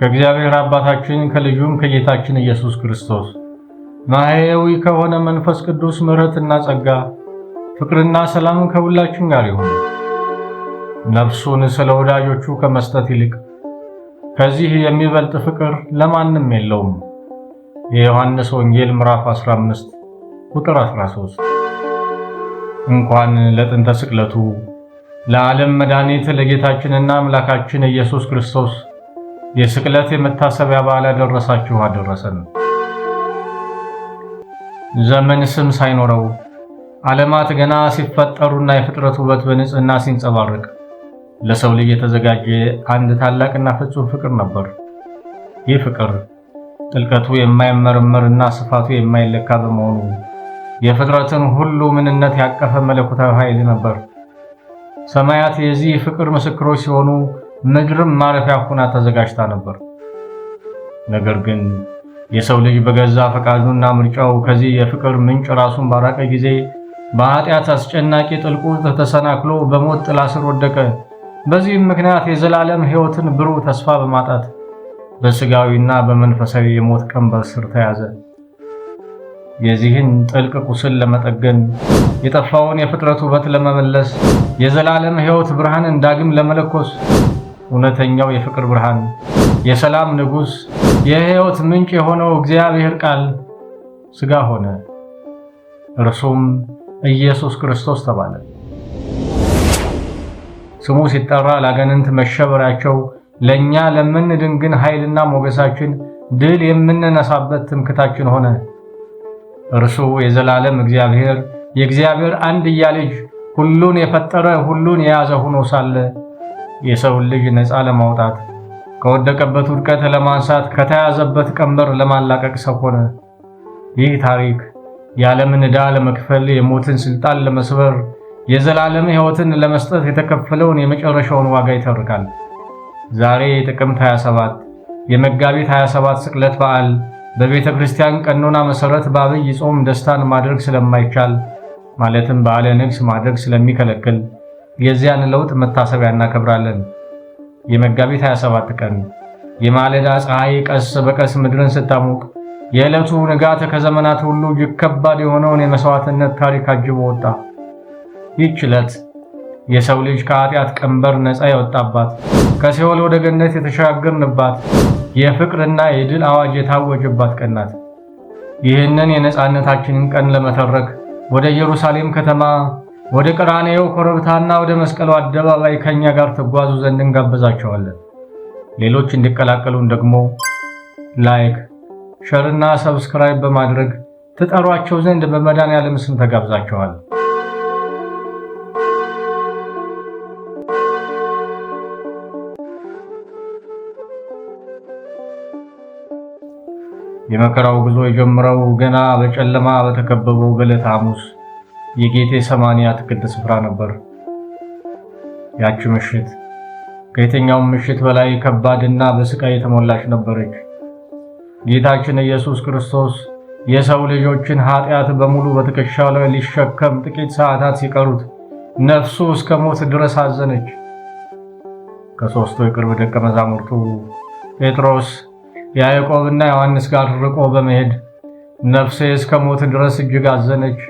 ከእግዚአብሔር አባታችን ከልጁም ከጌታችን ኢየሱስ ክርስቶስ ማሕየዊ ከሆነ መንፈስ ቅዱስ ምሕረትና ጸጋ ፍቅርና ሰላም ከሁላችን ጋር ይሁን። ነፍሱን ስለ ወዳጆቹ ከመስጠት ይልቅ ከዚህ የሚበልጥ ፍቅር ለማንም የለውም። የዮሐንስ ወንጌል ምዕራፍ 15 ቁጥር 13 እንኳን ለጥንተ ስቅለቱ ለዓለም መድኃኒት ለጌታችንና አምላካችን ኢየሱስ ክርስቶስ የስቅለት የመታሰቢያ በዓል ያደረሳችሁ አደረሰን። ዘመን ስም ሳይኖረው ዓለማት ገና ሲፈጠሩና የፍጥረት ውበት በንጽህና ሲንጸባረቅ ለሰው ልጅ የተዘጋጀ አንድ ታላቅና ፍጹም ፍቅር ነበር። ይህ ፍቅር ጥልቀቱ የማይመረመርና ስፋቱ የማይለካ በመሆኑ የፍጥረትን ሁሉ ምንነት ያቀፈ መለኮታዊ ኃይል ነበር። ሰማያት የዚህ ፍቅር ምስክሮች ሲሆኑ፣ ምድርም ማረፊያ ሆና ተዘጋጅታ ነበር። ነገር ግን የሰው ልጅ በገዛ ፈቃዱና ምርጫው ከዚህ የፍቅር ምንጭ ራሱን ባራቀ ጊዜ በኃጢአት አስጨናቂ ጥልቁ ተሰናክሎ በሞት ጥላ ስር ወደቀ። በዚህም ምክንያት የዘላለም ሕይወትን ብሩህ ተስፋ በማጣት በስጋዊና በመንፈሳዊ የሞት ቀንበር ስር ተያዘ። የዚህን ጥልቅ ቁስል ለመጠገን የጠፋውን የፍጥረት ውበት ለመመለስ የዘላለም ሕይወት ብርሃንን ዳግም ለመለኮስ እውነተኛው የፍቅር ብርሃን የሰላም ንጉሥ የሕይወት ምንጭ የሆነው እግዚአብሔር ቃል ሥጋ ሆነ። እርሱም ኢየሱስ ክርስቶስ ተባለ። ስሙ ሲጠራ ላጋንንት መሸበሪያቸው ለእኛ ለምንድን ግን ኃይልና ሞገሳችን ድል የምንነሳበት ትምክታችን ሆነ። እርሱ የዘላለም እግዚአብሔር የእግዚአብሔር አንድያ ልጅ ሁሉን የፈጠረ ሁሉን የያዘ ሆኖ ሳለ የሰውን ልጅ ነፃ ለማውጣት ከወደቀበት ውድቀት ለማንሳት ከተያዘበት ቀንበር ለማላቀቅ ሰው ሆነ። ይህ ታሪክ የዓለምን ዕዳ ለመክፈል የሞትን ሥልጣን ለመስበር የዘላለም ሕይወትን ለመስጠት የተከፈለውን የመጨረሻውን ዋጋ ይተርካል። ዛሬ ጥቅምት 27 የመጋቢት 27 ስቅለት በዓል በቤተ ክርስቲያን ቀኖና መሠረት በአብይ ጾም ደስታን ማድረግ ስለማይቻል ማለትም በዓለ ንግስ ማድረግ ስለሚከለክል የዚያን ለውጥ መታሰቢያ እናከብራለን። የመጋቢት 27 ቀን የማለዳ ፀሐይ ቀስ በቀስ ምድርን ስታሞቅ የዕለቱ ንጋት ከዘመናት ሁሉ እጅግ ከባድ የሆነውን የመሥዋዕትነት ታሪክ አጅቦ ወጣ። ይህች ዕለት የሰው ልጅ ከኃጢአት ቀንበር ነፃ የወጣባት ከሲኦል ወደ ገነት የተሻገርንባት የፍቅርና የድል አዋጅ የታወጀባት ቀን ናት። ይህንን የነፃነታችንን ቀን ለመተረክ ወደ ኢየሩሳሌም ከተማ ወደ ቀራንዮው ኮረብታና ወደ መስቀሉ አደባባይ ከእኛ ጋር ተጓዙ ዘንድ እንጋበዛቸዋለን። ሌሎች እንዲቀላቀሉን ደግሞ ላይክ፣ ሸርና ሰብስክራይብ በማድረግ ትጠሯቸው ዘንድ በመድኃኔዓለም ስም ተጋብዛቸዋል። የመከራው ጉዞ የጀመረው ገና በጨለማ በተከበበው በዕለተ ሐሙስ የጌቴ ሰማኒ አትክልት ስፍራ ነበር። ያቺ ምሽት ከየትኛውም ምሽት በላይ ከባድና በስቃይ የተሞላች ነበረች። ጌታችን ኢየሱስ ክርስቶስ የሰው ልጆችን ኃጢአት በሙሉ በትከሻው ላይ ሊሸከም ጥቂት ሰዓታት ሲቀሩት ነፍሱ እስከ ሞት ድረስ አዘነች። ከሦስቱ የቅርብ ደቀ መዛሙርቱ ጴጥሮስ ያዕቆብና ዮሐንስ ጋር ርቆ በመሄድ ነፍሴ እስከ ሞት ድረስ እጅግ አዘነች።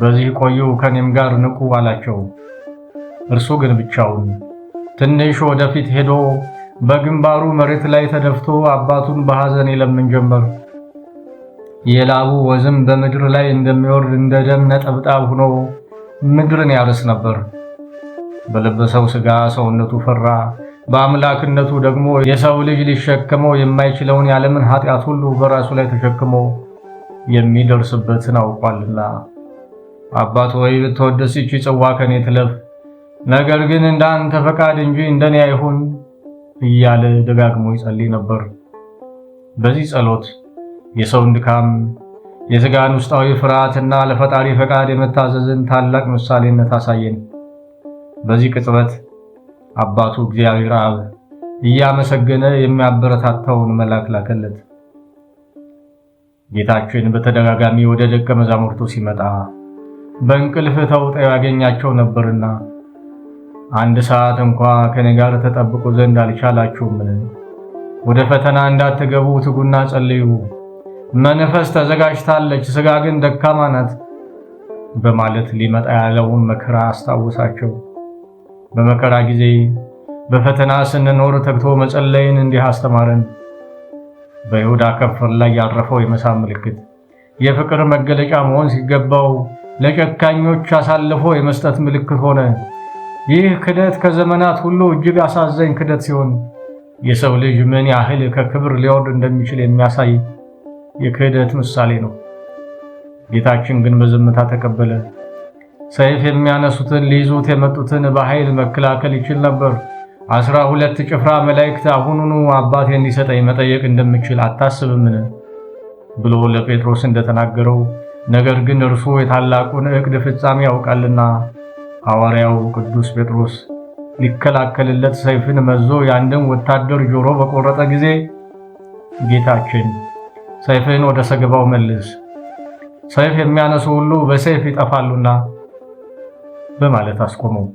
በዚህ ቆዩ፣ ከኔም ጋር ንቁ አላቸው። እርሱ ግን ብቻውን ትንሽ ወደፊት ሄዶ በግንባሩ መሬት ላይ ተደፍቶ አባቱን በሐዘን ይለምን ጀመር። የላቡ ወዝም በምድር ላይ እንደሚወርድ እንደ ደም ነጠብጣብ ሆኖ ምድርን ያርስ ነበር። በለበሰው ሥጋ ሰውነቱ ፈራ። በአምላክነቱ ደግሞ የሰው ልጅ ሊሸከመው የማይችለውን የዓለምን ኃጢአት ሁሉ በራሱ ላይ ተሸክሞ የሚደርስበትን አውቋልና። አባት ሆይ ብትወደስ ይቺ ጽዋ ከኔ ትለፍ፣ ነገር ግን እንደ አንተ ፈቃድ እንጂ እንደኔ አይሁን እያለ ደጋግሞ ይጸልይ ነበር። በዚህ ጸሎት የሰውን ድካም፣ የስጋን ውስጣዊ ፍርሃትና ለፈጣሪ ፈቃድ የመታዘዝን ታላቅ ምሳሌነት አሳየን። በዚህ ቅጽበት አባቱ እግዚአብሔር አብ እያመሰገነ የሚያበረታታውን መልአክ ላከለት። ጌታችን በተደጋጋሚ ወደ ደቀ መዛሙርቱ ሲመጣ በእንቅልፍ ተውጠው ያገኛቸው ነበርና አንድ ሰዓት እንኳ ከኔ ጋር ተጠብቁ ዘንድ አልቻላችሁምን? ወደ ፈተና እንዳትገቡ ትጉና ጸልዩ። መንፈስ ተዘጋጅታለች፣ ስጋ ግን ደካማ ናት በማለት ሊመጣ ያለውን መከራ አስታውሳቸው። በመከራ ጊዜ በፈተና ስንኖር ተግቶ መጸለይን እንዲህ አስተማረን። በይሁዳ ከንፈር ላይ ያረፈው የመሳም ምልክት የፍቅር መገለጫ መሆን ሲገባው ለጨካኞች አሳልፎ የመስጠት ምልክት ሆነ። ይህ ክደት ከዘመናት ሁሉ እጅግ አሳዘኝ ክደት ሲሆን የሰው ልጅ ምን ያህል ከክብር ሊወርድ እንደሚችል የሚያሳይ የክህደት ምሳሌ ነው። ጌታችን ግን በዝምታ ተቀበለ። ሰይፍ የሚያነሱትን ሊይዙት የመጡትን በኃይል መከላከል ይችል ነበር። አስራ ሁለት ጭፍራ መላእክት አሁኑኑ አባት እንዲሰጠኝ መጠየቅ እንደምችል አታስብምን? ብሎ ለጴጥሮስ እንደተናገረው ነገር ግን እርሱ የታላቁን ዕቅድ ፍጻሜ ያውቃልና ሐዋርያው ቅዱስ ጴጥሮስ ሊከላከልለት ሰይፍን መዞ የአንድን ወታደር ጆሮ በቆረጠ ጊዜ ጌታችን ሰይፍን ወደ ሰገባው መልስ፣ ሰይፍ የሚያነሱ ሁሉ በሰይፍ ይጠፋሉና በማለት አስቆመው።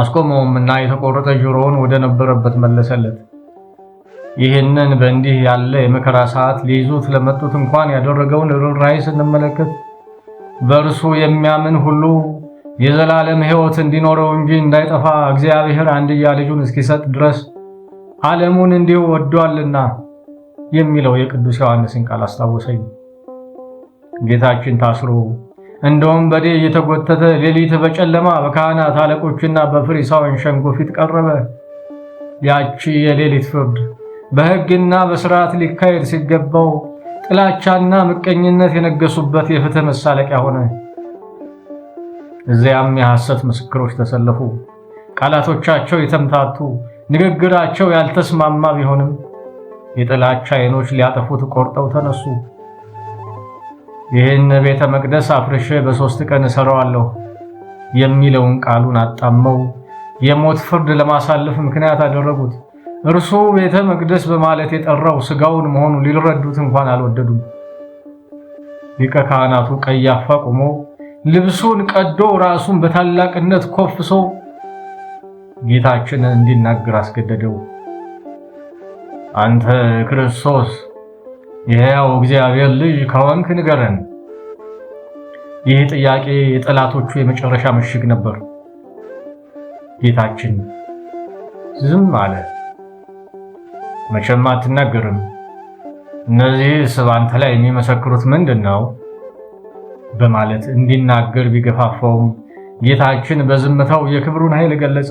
አስቆመውም እና የተቆረጠ ጆሮውን ወደ ነበረበት መለሰለት። ይህንን በእንዲህ ያለ የመከራ ሰዓት ሊይዙት ለመጡት እንኳን ያደረገውን ርኅራኄ ስንመለከት በእርሱ የሚያምን ሁሉ የዘላለም ሕይወት እንዲኖረው እንጂ እንዳይጠፋ እግዚአብሔር አንድያ ልጁን እስኪሰጥ ድረስ ዓለሙን እንዲሁ ወዷልና የሚለው የቅዱስ ዮሐንስን ቃል አስታወሰኝ። ጌታችን ታስሮ እንደውም በዴ እየተጎተተ ሌሊት በጨለማ በካህናት አለቆችና በፈሪሳውያን ሸንጎ ፊት ቀረበ። ያቺ የሌሊት ፍርድ በሕግና በሥርዓት ሊካሄድ ሲገባው ጥላቻና ምቀኝነት የነገሱበት የፍትህ መሳለቂያ ሆነ። እዚያም የሐሰት ምስክሮች ተሰለፉ። ቃላቶቻቸው የተምታቱ፣ ንግግራቸው ያልተስማማ ቢሆንም የጥላቻ አይኖች ሊያጠፉት ቆርጠው ተነሱ። ይህን ቤተ መቅደስ አፍርሼ በሶስት ቀን እሠራዋለሁ የሚለውን ቃሉን አጣመው የሞት ፍርድ ለማሳለፍ ምክንያት አደረጉት። እርሱ ቤተ መቅደስ በማለት የጠራው ስጋውን መሆኑን ሊረዱት እንኳን አልወደዱም። ሊቀ ካህናቱ ቀያፋ ቆሞ ልብሱን ቀዶ ራሱን በታላቅነት ኮፍሶ ጌታችን እንዲናገር አስገደደው። አንተ ክርስቶስ የሕያው እግዚአብሔር ልጅ ከሆንክ ንገረን። ይህ ጥያቄ የጠላቶቹ የመጨረሻ ምሽግ ነበር። ጌታችን ዝም አለ። መቼም አትናገርም፣ እነዚህ በአንተ ላይ የሚመሰክሩት ምንድን ነው? በማለት እንዲናገር ቢገፋፋውም ጌታችን በዝምታው የክብሩን ኃይል ገለጸ።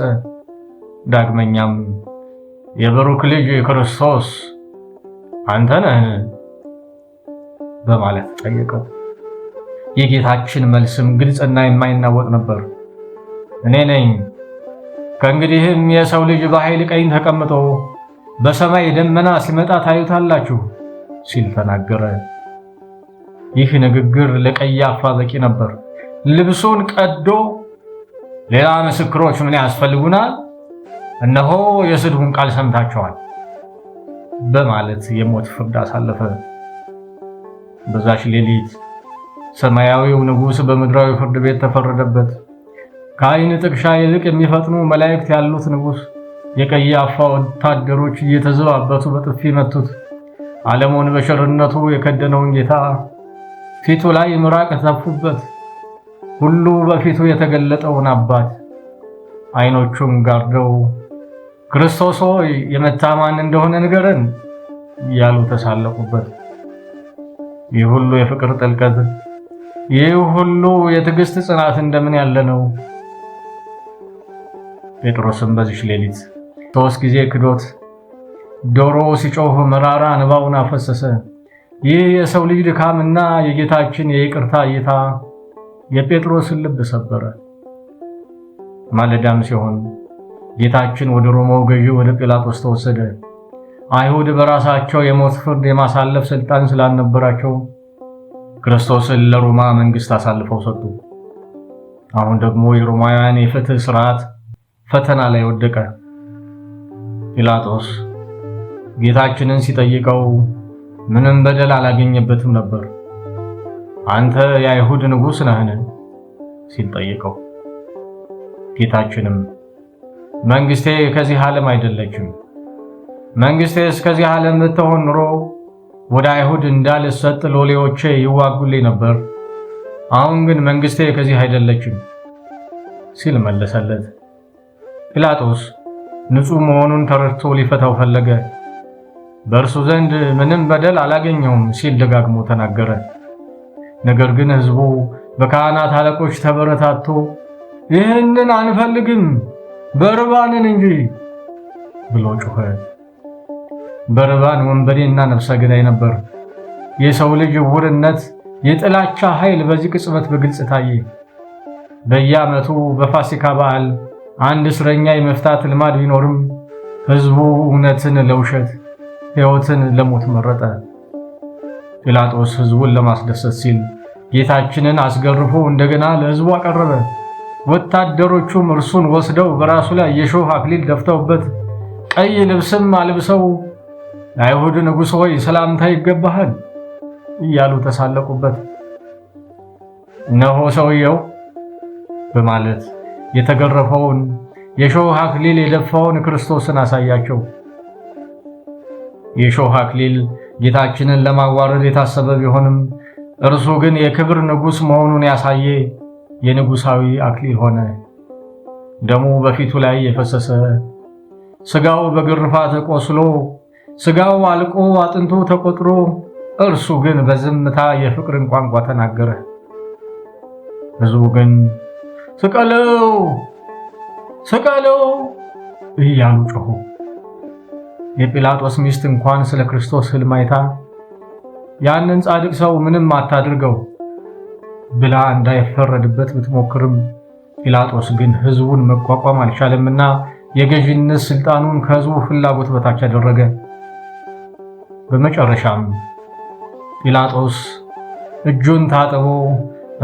ዳግመኛም የብሩክ ልጅ ክርስቶስ አንተ ነህን በማለት ጠየቀው። የጌታችን መልስም ግልጽና የማይናወጥ ነበር። እኔ ነኝ። ከእንግዲህም የሰው ልጅ በኃይል ቀኝ ተቀምጦ በሰማይ ደመና ሲመጣ ታዩታላችሁ ሲል ተናገረ። ይህ ንግግር ለቀያፋ በቂ ነበር። ልብሱን ቀዶ ሌላ ምስክሮች ምን ያስፈልጉናል? እነሆ የስድቡን ቃል ሰምታችኋል በማለት የሞት ፍርድ አሳለፈ። በዛች ሌሊት ሰማያዊው ንጉሥ በምድራዊ ፍርድ ቤት ተፈረደበት። ከአይን ጥቅሻ ይልቅ የሚፈጥኑ መላእክት ያሉት ንጉሥ የቀያፋ ወታደሮች እየተዘባበቱ በጥፊ መቱት። ዓለሙን በሸርነቱ የከደነውን ጌታ ፊቱ ላይ ምራቅ ተፉበት። ሁሉ በፊቱ የተገለጠውን አባት አይኖቹን ጋርደው ክርስቶስ ሆይ የመታማን እንደሆነ ንገረን ያሉ ተሳለቁበት። ይህ ሁሉ የፍቅር ጥልቀት፣ ይህ ሁሉ የትዕግሥት ጽናት እንደምን ያለ ነው! ጴጥሮስም በዚች ሌሊት ሦስት ጊዜ ክዶት ዶሮ ሲጮህ መራራ እንባውን አፈሰሰ። ይህ የሰው ልጅ ድካምና የጌታችን የይቅርታ እይታ የጴጥሮስን ልብ ሰበረ። ማለዳም ሲሆን ጌታችን ወደ ሮማው ገዢ ወደ ጲላጦስ ተወሰደ። አይሁድ በራሳቸው የሞት ፍርድ የማሳለፍ ስልጣን ስላልነበራቸው ክርስቶስን ለሮማ መንግስት አሳልፈው ሰጡ። አሁን ደግሞ የሮማውያን የፍትህ ስርዓት ፈተና ላይ ወደቀ። ጲላጦስ ጌታችንን ሲጠይቀው ምንም በደል አላገኘበትም ነበር። አንተ የአይሁድ ንጉሥ ነህን ሲል ጠየቀው። ጌታችንም መንግሥቴ ከዚህ ዓለም አይደለችም መንግሥቴ እስከዚህ ዓለም ብትሆን ኑሮ ወደ አይሁድ እንዳልሰጥ ሎሌዎቼ ይዋጉልኝ ነበር። አሁን ግን መንግሥቴ ከዚህ አይደለችም ሲል መለሰለት። ጲላጦስ ንጹሕ መሆኑን ተረድቶ ሊፈታው ፈለገ። በእርሱ ዘንድ ምንም በደል አላገኘውም ሲል ደጋግሞ ተናገረ። ነገር ግን ሕዝቡ በካህናት አለቆች ተበረታቶ ይህንን አንፈልግም፣ በርባንን እንጂ ብሎ ጮኸ። በርባን እና ነፍሰ ገዳይ ነበር። የሰው ልጅ እውርነት፣ የጥላቻ ኃይል በዚህ ቅጽበት በግልጽ ታየ። በየዓመቱ በፋሲካ በዓል አንድ እስረኛ የመፍታት ልማድ ቢኖርም ሕዝቡ እውነትን ለውሸት ሕይወትን ለሞት መረጠ። ጲላጦስ ሕዝቡን ለማስደሰት ሲል ጌታችንን አስገርፎ እንደገና ለሕዝቡ አቀረበ። ወታደሮቹም እርሱን ወስደው በራሱ ላይ የሾህ አክሊል ደፍተውበት ቀይ ልብስም አልብሰው አይሁድ ንጉሥ ሆይ ሰላምታ ይገባሃል እያሉ ተሳለቁበት። እነሆ ሰውየው በማለት የተገረፈውን የሾህ አክሊል የደፋውን ክርስቶስን አሳያቸው። የሾህ አክሊል ጌታችንን ለማዋረድ የታሰበ ቢሆንም እርሱ ግን የክብር ንጉሥ መሆኑን ያሳየ የንጉሳዊ አክሊል ሆነ። ደሙ በፊቱ ላይ የፈሰሰ ሥጋው በግርፋት ቆስሎ ስጋው አልቆ አጥንቱ ተቆጥሮ እርሱ ግን በዝምታ የፍቅርን ቋንቋ ተናገረ። ህዝቡ ግን ስቀለው ስቀለው እያሉ ጮሁ። የጲላጦስ ሚስት እንኳን ስለ ክርስቶስ ህልማይታ ያንን ጻድቅ ሰው ምንም አታድርገው ብላ እንዳይፈረድበት ብትሞክርም ጲላጦስ ግን ህዝቡን መቋቋም አልቻለምና የገዥነት ስልጣኑን ከህዝቡ ፍላጎት በታች አደረገ። በመጨረሻም ጲላጦስ እጁን ታጥቦ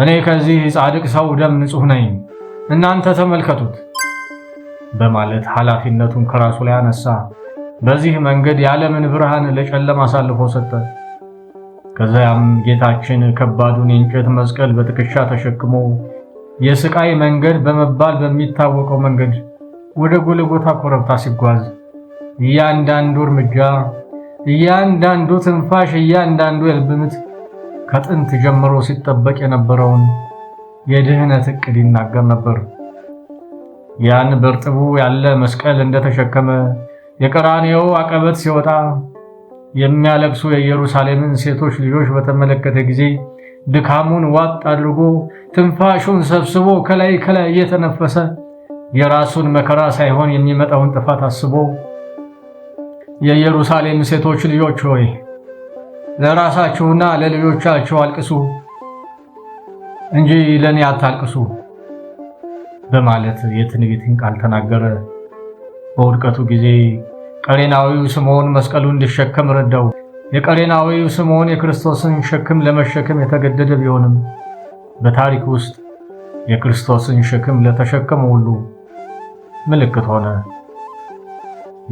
እኔ ከዚህ ጻድቅ ሰው ደም ንጹሕ ነኝ፣ እናንተ ተመልከቱት በማለት ኃላፊነቱን ከራሱ ላይ አነሳ። በዚህ መንገድ የዓለምን ብርሃን ለጨለማ አሳልፎ ሰጠ። ከዚያም ጌታችን ከባዱን የእንጨት መስቀል በትከሻ ተሸክሞ የስቃይ መንገድ በመባል በሚታወቀው መንገድ ወደ ጎልጎታ ኮረብታ ሲጓዝ እያንዳንዱ እርምጃ እያንዳንዱ ትንፋሽ፣ እያንዳንዱ የልብ ምት ከጥንት ጀምሮ ሲጠበቅ የነበረውን የድህነት እቅድ ይናገር ነበር። ያን በርጥቡ ያለ መስቀል እንደተሸከመ የቀራንዮው አቀበት ሲወጣ የሚያለቅሱ የኢየሩሳሌምን ሴቶች ልጆች በተመለከተ ጊዜ ድካሙን ዋጥ አድርጎ ትንፋሹን ሰብስቦ ከላይ ከላይ እየተነፈሰ የራሱን መከራ ሳይሆን የሚመጣውን ጥፋት አስቦ የኢየሩሳሌም ሴቶች ልጆች ሆይ ለራሳችሁና ለልጆቻችሁ አልቅሱ እንጂ ለእኔ አታልቅሱ በማለት የትንቢትን ቃል ተናገረ። በውድቀቱ ጊዜ ቀሬናዊው ስምዖን መስቀሉን እንዲሸከም ረዳው። የቀሬናዊው ስምዖን የክርስቶስን ሸክም ለመሸከም የተገደደ ቢሆንም በታሪክ ውስጥ የክርስቶስን ሸክም ለተሸከመ ሁሉ ምልክት ሆነ።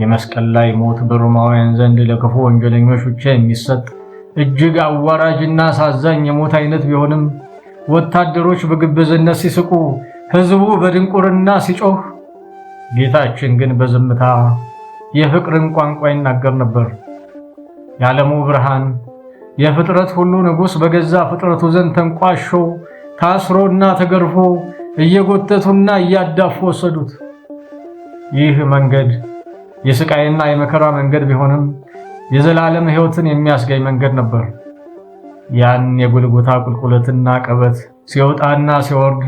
የመስቀል ላይ ሞት በሮማውያን ዘንድ ለክፉ ወንጀለኞች ብቻ የሚሰጥ እጅግ አዋራጅና አሳዛኝ የሞት አይነት ቢሆንም ወታደሮች በግብዝነት ሲስቁ፣ ሕዝቡ በድንቁርና ሲጮህ፣ ጌታችን ግን በዝምታ የፍቅርን ቋንቋ ይናገር ነበር። የዓለሙ ብርሃን የፍጥረት ሁሉ ንጉሥ በገዛ ፍጥረቱ ዘንድ ተንቋሾ ታስሮና ተገርፎ እየጎተቱና እያዳፉ ወሰዱት። ይህ መንገድ የስቃይና የመከራ መንገድ ቢሆንም የዘላለም ሕይወትን የሚያስገኝ መንገድ ነበር። ያን የጎልጎታ ቁልቁለትና ቀበት ሲወጣና ሲወርድ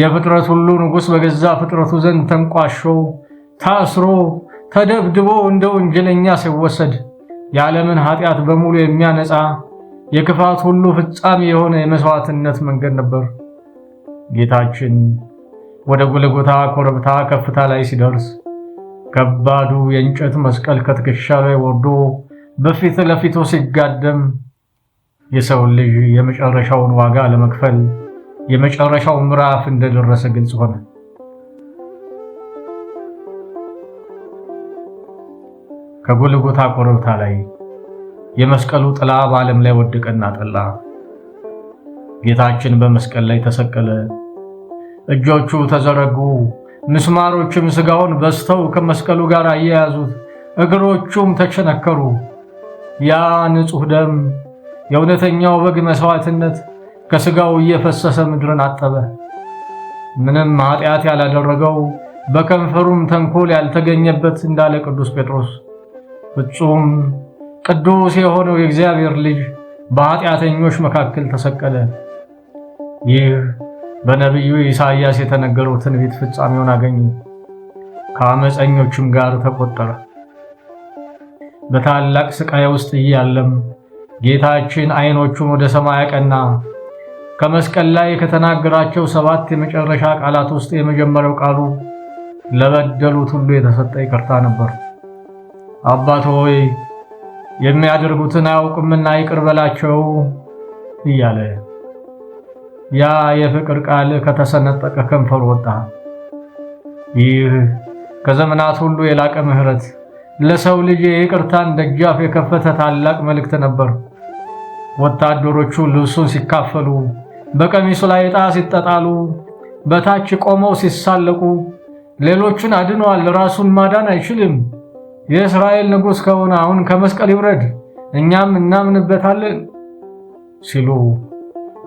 የፍጥረት ሁሉ ንጉሥ በገዛ ፍጥረቱ ዘንድ ተንቋሾ ታስሮ ተደብድቦ እንደ ወንጀለኛ ሲወሰድ የዓለምን ኃጢአት በሙሉ የሚያነጻ የክፋት ሁሉ ፍጻሜ የሆነ የመሥዋዕትነት መንገድ ነበር። ጌታችን ወደ ጎልጎታ ኮረብታ ከፍታ ላይ ሲደርስ ከባዱ የእንጨት መስቀል ከትከሻ ላይ ወርዶ በፊት ለፊቱ ሲጋደም የሰው ልጅ የመጨረሻውን ዋጋ ለመክፈል የመጨረሻው ምዕራፍ እንደደረሰ ግልጽ ሆነ። ከጎልጎታ ኮረብታ ላይ የመስቀሉ ጥላ በዓለም ላይ ወደቀና ጠላ። ጌታችን በመስቀል ላይ ተሰቀለ። እጆቹ ተዘረጉ። ምስማሮችም ሥጋውን በስተው ከመስቀሉ ጋር አያያዙት፣ እግሮቹም ተቸነከሩ። ያ ንጹሕ ደም የእውነተኛው በግ መሥዋዕትነት ከሥጋው እየፈሰሰ ምድርን አጠበ። ምንም ኃጢአት ያላደረገው በከንፈሩም ተንኮል ያልተገኘበት እንዳለ ቅዱስ ጴጥሮስ ፍጹም ቅዱስ የሆነው የእግዚአብሔር ልጅ በኃጢአተኞች መካከል ተሰቀለ። ይህ በነቢዩ ኢሳይያስ የተነገረው ትንቢት ፍጻሜውን አገኘ፣ ከአመፀኞቹም ጋር ተቆጠረ። በታላቅ ስቃይ ውስጥ እያለም ጌታችን አይኖቹን ወደ ሰማይ አቀና። ከመስቀል ላይ ከተናገራቸው ሰባት የመጨረሻ ቃላት ውስጥ የመጀመሪያው ቃሉ ለበደሉት ሁሉ የተሰጠ ይቅርታ ነበር። አባት ሆይ የሚያደርጉትን አያውቁምና ይቅር በላቸው እያለ ያ የፍቅር ቃል ከተሰነጠቀ ከንፈር ወጣ። ይህ ከዘመናት ሁሉ የላቀ ምሕረት ለሰው ልጅ የይቅርታን ደጃፍ የከፈተ ታላቅ መልእክት ነበር። ወታደሮቹ ልብሱን ሲካፈሉ፣ በቀሚሱ ላይ ዕጣ ሲጠጣሉ፣ በታች ቆመው ሲሳለቁ፣ ሌሎቹን አድነዋል፣ ራሱን ማዳን አይችልም። የእስራኤል ንጉሥ ከሆነ አሁን ከመስቀል ይውረድ፣ እኛም እናምንበታለን ሲሉ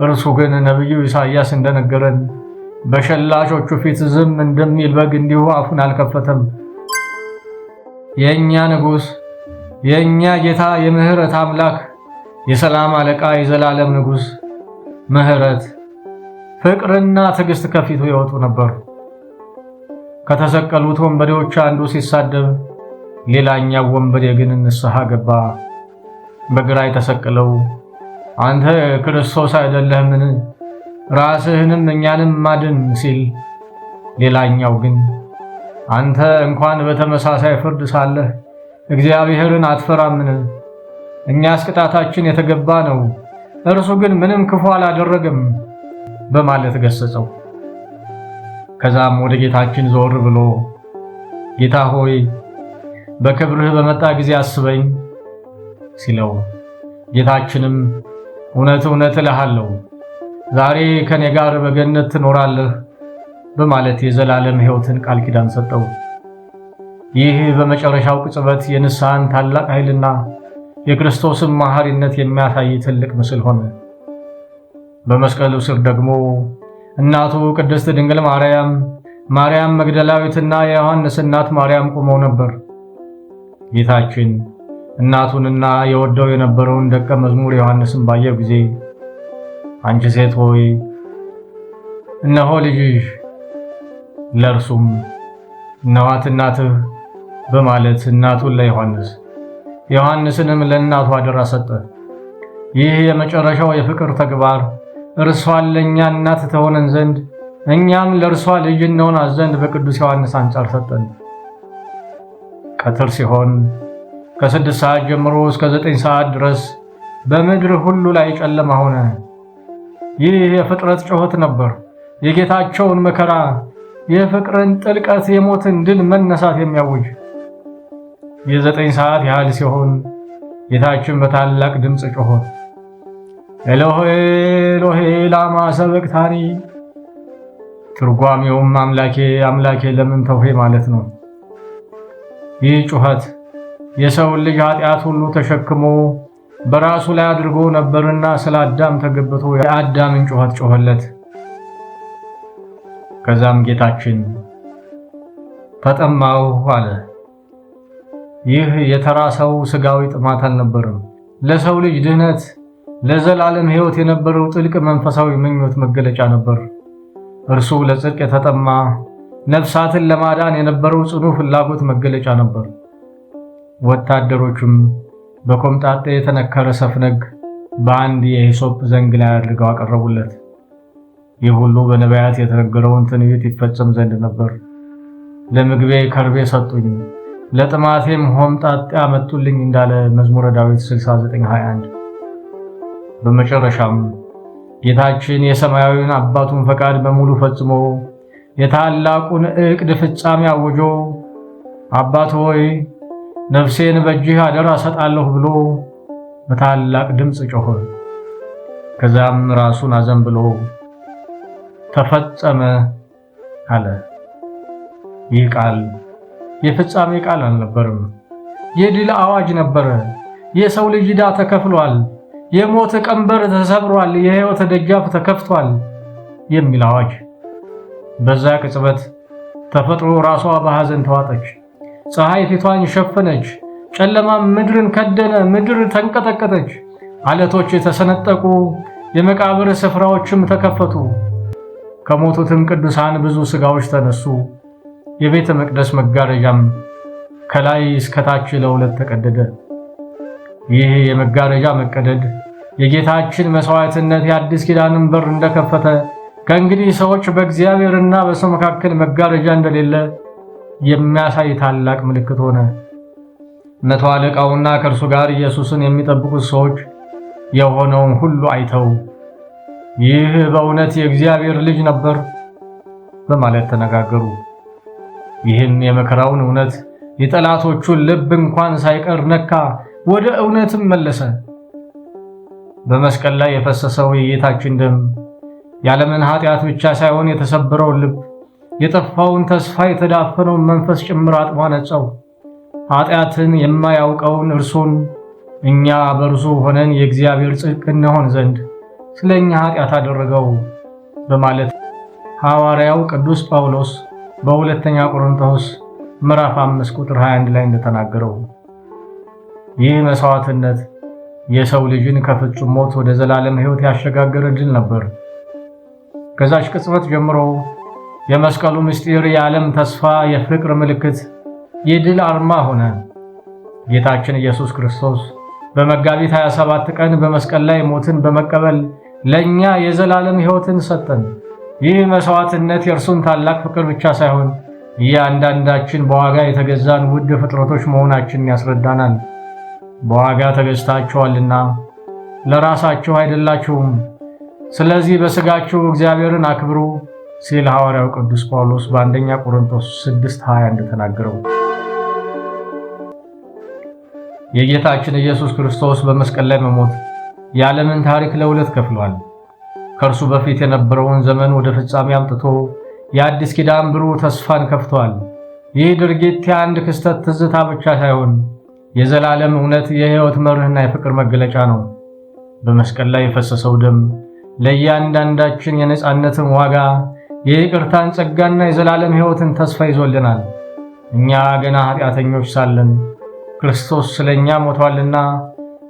እርሱ ግን ነቢዩ ኢሳያስ እንደነገረን በሸላቾቹ ፊት ዝም እንደሚል በግ እንዲሁ አፉን አልከፈተም። የእኛ ንጉሥ፣ የእኛ ጌታ፣ የምህረት አምላክ፣ የሰላም አለቃ፣ የዘላለም ንጉሥ ምህረት፣ ፍቅርና ትዕግሥት ከፊቱ ይወጡ ነበር። ከተሰቀሉት ወንበዴዎች አንዱ ሲሳደብ፣ ሌላኛው ወንበዴ ግን ንስሐ ገባ። በግራ የተሰቀለው አንተ ክርስቶስ አይደለህምን? ራስህንም እኛንም ማድን ሲል፣ ሌላኛው ግን አንተ እንኳን በተመሳሳይ ፍርድ ሳለህ እግዚአብሔርን አትፈራምን? እኛስ ቅጣታችን የተገባ ነው፣ እርሱ ግን ምንም ክፉ አላደረገም በማለት ገሰጸው። ከዛም ወደ ጌታችን ዞር ብሎ ጌታ ሆይ በክብርህ በመጣ ጊዜ አስበኝ ሲለው ጌታችንም እውነት እውነት እልሃለሁ ዛሬ ከኔ ጋር በገነት ትኖራለህ በማለት የዘላለም ሕይወትን ቃል ኪዳን ሰጠው። ይህ በመጨረሻው ቅጽበት የንስሐን ታላቅ ኃይልና የክርስቶስን መሐሪነት የሚያሳይ ትልቅ ምስል ሆነ። በመስቀሉ ስር ደግሞ እናቱ ቅድስት ድንግል ማርያም፣ ማርያም መግደላዊትና የዮሐንስ እናት ማርያም ቆመው ነበር። ጌታችን እናቱንና የወደው የነበረውን ደቀ መዝሙር ዮሐንስን ባየው ጊዜ አንቺ ሴት ሆይ እነሆ ልጅሽ፣ ለእርሱም እነኋት እናትህ በማለት እናቱን ለዮሐንስ ዮሐንስንም ለእናቱ አደራ ሰጠ። ይህ የመጨረሻው የፍቅር ተግባር እርሷን ለእኛ እናት ተሆነን ዘንድ እኛም ለእርሷ ልጅ እንሆናት ዘንድ በቅዱስ ዮሐንስ አንጻር ሰጠን ቀትር ሲሆን ከስድስት ሰዓት ጀምሮ እስከ ዘጠኝ ሰዓት ድረስ በምድር ሁሉ ላይ ጨለማ ሆነ። ይህ የፍጥረት ጩኸት ነበር፣ የጌታቸውን መከራ፣ የፍቅርን ጥልቀት፣ የሞትን ድል መነሳት የሚያውጅ። የዘጠኝ ሰዓት ያህል ሲሆን ጌታችን በታላቅ ድምፅ ጮኸ፣ ኤሎሄ ኤሎሄ ላማ ሰበቅታኒ። ትርጓሜውም አምላኬ አምላኬ ለምን ተውሄ ማለት ነው። ይህ ጩኸት የሰውን ልጅ ኃጢአት ሁሉ ተሸክሞ በራሱ ላይ አድርጎ ነበርና ስለ አዳም ተገብቶ የአዳምን ጩኸት ጮኸለት። ከዛም ጌታችን ተጠማሁ አለ። ይህ የተራ ሰው ጥማት አልነበርም። ለሰው ልጅ ድህነት፣ ለዘላለም ሕይወት የነበረው ጥልቅ መንፈሳዊ ምኞት መገለጫ ነበር። እርሱ ለጽድቅ የተጠማ ነፍሳትን ለማዳን የነበረው ጽኑ ፍላጎት መገለጫ ነበር። ወታደሮቹም በኮምጣጤ የተነከረ ሰፍነግ በአንድ የሂሶጵ ዘንግ ላይ አድርገው አቀረቡለት። ይህ ሁሉ በነቢያት የተነገረውን ትንቢት ይፈጸም ዘንድ ነበር። ለምግቤ ከርቤ ሰጡኝ፣ ለጥማቴም ሆምጣጤ አመጡልኝ እንዳለ መዝሙረ ዳዊት 6921 በመጨረሻም ጌታችን የሰማያዊውን አባቱን ፈቃድ በሙሉ ፈጽሞ የታላቁን ዕቅድ ፍጻሜ አውጆ አባት ሆይ ነፍሴን በእጅህ አደራ ሰጣለሁ ብሎ በታላቅ ድምፅ ጮኸ። ከዛም ራሱን አዘንብሎ ተፈጸመ አለ። ይህ ቃል የፍጻሜ ቃል አልነበርም። የድል አዋጅ ነበረ። የሰው ልጅ ዕዳ ተከፍሏል፣ የሞት ቀንበር ተሰብሯል፣ የሕይወት ደጃፍ ተከፍቷል የሚል አዋጅ። በዛ ቅጽበት ተፈጥሮ ራሷ በሐዘን ተዋጠች። ፀሐይ ፊቷን ሸፈነች፣ ጨለማም ምድርን ከደነ። ምድር ተንቀጠቀጠች፣ አለቶች የተሰነጠቁ፣ የመቃብር ስፍራዎችም ተከፈቱ። ከሞቱትም ቅዱሳን ብዙ ሥጋዎች ተነሱ። የቤተ መቅደስ መጋረጃም ከላይ እስከታች ለሁለት ተቀደደ። ይህ የመጋረጃ መቀደድ የጌታችን መሥዋዕትነት የአዲስ ኪዳንን በር እንደከፈተ ከእንግዲህ ሰዎች በእግዚአብሔርና በሰው መካከል መጋረጃ እንደሌለ የሚያሳይ ታላቅ ምልክት ሆነ። መቶ አለቃውና ከእርሱ ጋር ኢየሱስን የሚጠብቁት ሰዎች የሆነውን ሁሉ አይተው ይህ በእውነት የእግዚአብሔር ልጅ ነበር በማለት ተነጋገሩ። ይህን የመከራውን እውነት የጠላቶቹን ልብ እንኳን ሳይቀር ነካ፣ ወደ እውነትም መለሰ። በመስቀል ላይ የፈሰሰው የጌታችን ደም ያለምን ኃጢአት ብቻ ሳይሆን የተሰበረውን ልብ የጠፋውን ተስፋ የተዳፈነውን መንፈስ ጭምር አጥቧ ነጸው! ኃጢአትን የማያውቀውን እርሱን እኛ በእርሱ ሆነን የእግዚአብሔር ጽድቅ እንሆን ዘንድ ስለ እኛ ኃጢአት አደረገው በማለት ሐዋርያው ቅዱስ ጳውሎስ በሁለተኛ ቆሮንቶስ ምዕራፍ 5 ቁጥር 21 ላይ እንደተናገረው ይህ መስዋዕትነት የሰው ልጅን ከፍጹም ሞት ወደ ዘላለም ሕይወት ያሸጋገረ ድል ነበር። ከዛች ቅጽበት ጀምሮ የመስቀሉ ምስጢር የዓለም ተስፋ፣ የፍቅር ምልክት፣ የድል አርማ ሆነ። ጌታችን ኢየሱስ ክርስቶስ በመጋቢት 27 ቀን በመስቀል ላይ ሞትን በመቀበል ለእኛ የዘላለም ሕይወትን ሰጠን። ይህ መሥዋዕትነት የእርሱን ታላቅ ፍቅር ብቻ ሳይሆን እያንዳንዳችን በዋጋ የተገዛን ውድ ፍጥረቶች መሆናችንን ያስረዳናል። በዋጋ ተገዝታችኋልና ለራሳችሁ አይደላችሁም። ስለዚህ በሥጋችሁ እግዚአብሔርን አክብሩ ሲል ሐዋርያው ቅዱስ ጳውሎስ በአንደኛ ቆሮንቶስ 6:20 እንደተናገረው የጌታችን ኢየሱስ ክርስቶስ በመስቀል ላይ መሞት የዓለምን ታሪክ ለሁለት ከፍሏል። ከእርሱ በፊት የነበረውን ዘመን ወደ ፍጻሜ አምጥቶ የአዲስ ኪዳን ብሩህ ተስፋን ከፍቷል። ይህ ድርጊት የአንድ ክስተት ትዝታ ብቻ ሳይሆን የዘላለም እውነት፣ የሕይወት መርህና የፍቅር መገለጫ ነው። በመስቀል ላይ የፈሰሰው ደም ለእያንዳንዳችን የነፃነትን ዋጋ የይቅርታን ጸጋና የዘላለም ሕይወትን ተስፋ ይዞልናል። እኛ ገና ኃጢአተኞች ሳለን ክርስቶስ ስለ እኛ ሞቷልና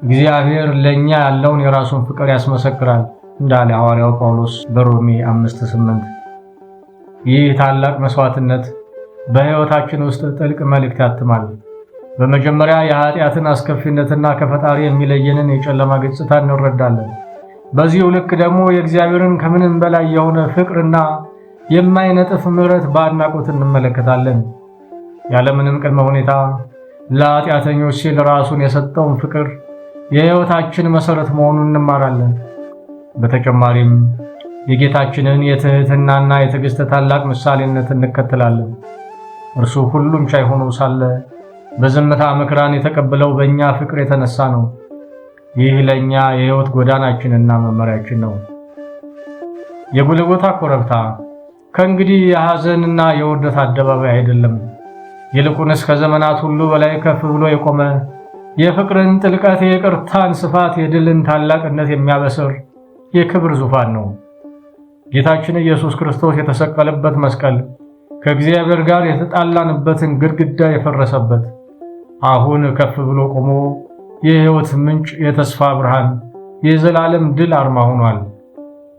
እግዚአብሔር ለእኛ ያለውን የራሱን ፍቅር ያስመሰክራል እንዳለ ሐዋርያው ጳውሎስ በሮሜ አምስት ስምንት ይህ ታላቅ መሥዋዕትነት በሕይወታችን ውስጥ ጥልቅ መልእክት ያትማል። በመጀመሪያ የኃጢአትን አስከፊነትና ከፈጣሪ የሚለየንን የጨለማ ገጽታ እንረዳለን። በዚሁ ልክ ደግሞ የእግዚአብሔርን ከምንም በላይ የሆነ ፍቅርና የማይነጥፍ ምሕረት በአድናቆት እንመለከታለን። ያለምንም ቅድመ ሁኔታ ለኃጢአተኞች ሲል ራሱን የሰጠውን ፍቅር የሕይወታችን መሠረት መሆኑን እንማራለን። በተጨማሪም የጌታችንን የትሕትናና የትዕግሥት ታላቅ ምሳሌነት እንከተላለን። እርሱ ሁሉም ቻይ ሆኖ ሳለ በዝምታ ምክራን የተቀበለው በእኛ ፍቅር የተነሳ ነው። ይህ ለእኛ የሕይወት ጎዳናችንና መመሪያችን ነው። የጎልጎታ ኮረብታ ከእንግዲህ የሐዘንና የውርደት አደባባይ አይደለም። ይልቁንስ ከዘመናት ሁሉ በላይ ከፍ ብሎ የቆመ የፍቅርን ጥልቀት፣ የቅርታን ስፋት፣ የድልን ታላቅነት የሚያበስር የክብር ዙፋን ነው። ጌታችን ኢየሱስ ክርስቶስ የተሰቀለበት መስቀል ከእግዚአብሔር ጋር የተጣላንበትን ግድግዳ የፈረሰበት አሁን ከፍ ብሎ ቆሞ የሕይወት ምንጭ፣ የተስፋ ብርሃን፣ የዘላለም ድል አርማ ሆኗል።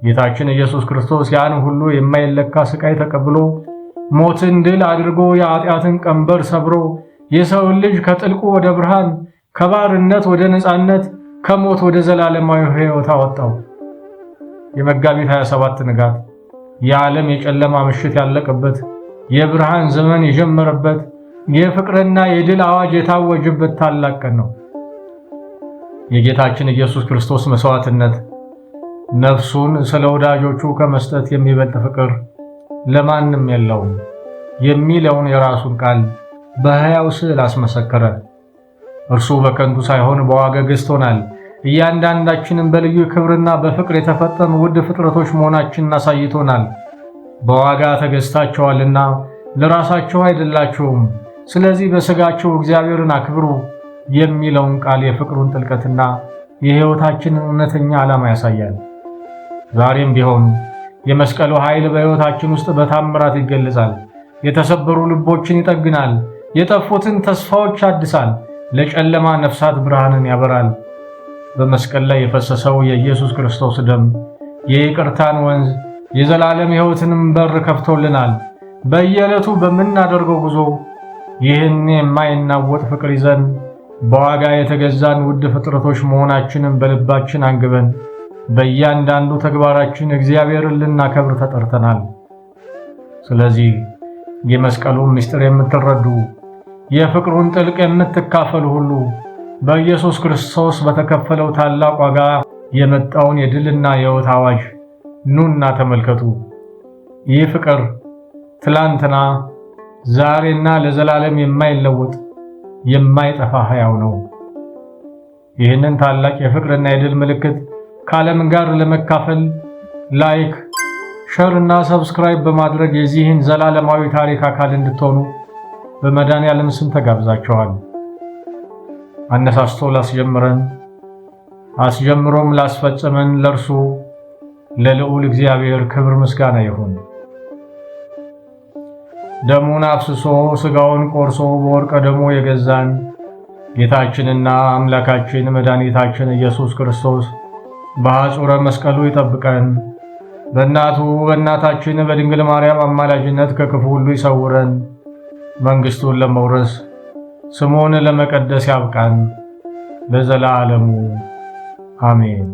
ጌታችን ኢየሱስ ክርስቶስ ያን ሁሉ የማይለካ ስቃይ ተቀብሎ ሞትን ድል አድርጎ የኀጢአትን ቀንበር ሰብሮ የሰውን ልጅ ከጥልቁ ወደ ብርሃን፣ ከባርነት ወደ ነፃነት፣ ከሞት ወደ ዘላለማዊ ሕይወት አወጣው። የመጋቢት 27 ንጋት የዓለም የጨለማ ምሽት ያለቀበት፣ የብርሃን ዘመን የጀመረበት፣ የፍቅርና የድል አዋጅ የታወጀበት ታላቅ ቀን ነው። የጌታችን ኢየሱስ ክርስቶስ መሥዋዕትነት ነፍሱን ስለ ወዳጆቹ ከመስጠት የሚበልጥ ፍቅር ለማንም የለውም የሚለውን የራሱን ቃል በሕያው ስዕል አስመሰከረ። እርሱ በከንቱ ሳይሆን በዋጋ ገዝቶናል። እያንዳንዳችንም በልዩ ክብርና በፍቅር የተፈጠኑ ውድ ፍጥረቶች መሆናችንን አሳይቶናል። በዋጋ ተገዝታቸዋልና ለራሳችሁ አይደላችሁም፣ ስለዚህ በሥጋችሁ እግዚአብሔርን አክብሩ የሚለውን ቃል የፍቅሩን ጥልቀትና የሕይወታችንን እውነተኛ ዓላማ ያሳያል። ዛሬም ቢሆን የመስቀሉ ኃይል በሕይወታችን ውስጥ በታምራት ይገለጻል። የተሰበሩ ልቦችን ይጠግናል፣ የጠፉትን ተስፋዎች ያድሳል፣ ለጨለማ ነፍሳት ብርሃንን ያበራል። በመስቀል ላይ የፈሰሰው የኢየሱስ ክርስቶስ ደም የይቅርታን ወንዝ የዘላለም ሕይወትንም በር ከፍቶልናል። በየዕለቱ በምናደርገው ጉዞ ይህን የማይናወጥ ፍቅር ይዘን በዋጋ የተገዛን ውድ ፍጥረቶች መሆናችንን በልባችን አንግበን በእያንዳንዱ ተግባራችን እግዚአብሔርን ልናከብር ተጠርተናል። ስለዚህ የመስቀሉን ምስጢር የምትረዱ የፍቅሩን ጥልቅ የምትካፈሉ ሁሉ በኢየሱስ ክርስቶስ በተከፈለው ታላቅ ዋጋ የመጣውን የድልና የሕይወት አዋጅ ኑና ተመልከቱ። ይህ ፍቅር ትላንትና ዛሬና ለዘላለም የማይለወጥ የማይጠፋ ሕያው ነው። ይህንን ታላቅ የፍቅርና የድል ምልክት ከዓለም ጋር ለመካፈል ላይክ፣ ሸር እና ሰብስክራይብ በማድረግ የዚህን ዘላለማዊ ታሪክ አካል እንድትሆኑ በመድኃኔዓለም ስም ተጋብዛችኋል። አነሳስቶ ላስጀምረን አስጀምሮም ላስፈጸመን ለእርሱ ለልዑል እግዚአብሔር ክብር ምስጋና ይሁን። ደሙን አፍስሶ ሥጋውን ቆርሶ በወርቀ ደሞ የገዛን ጌታችንና አምላካችን መድኃኒታችን ኢየሱስ ክርስቶስ በአጹረ መስቀሉ ይጠብቀን። በእናቱ በእናታችን በድንግል ማርያም አማላጅነት ከክፉ ሁሉ ይሰውረን። መንግሥቱን ለመውረስ ስሙን ለመቀደስ ያብቃን። ለዘላለሙ አሜን።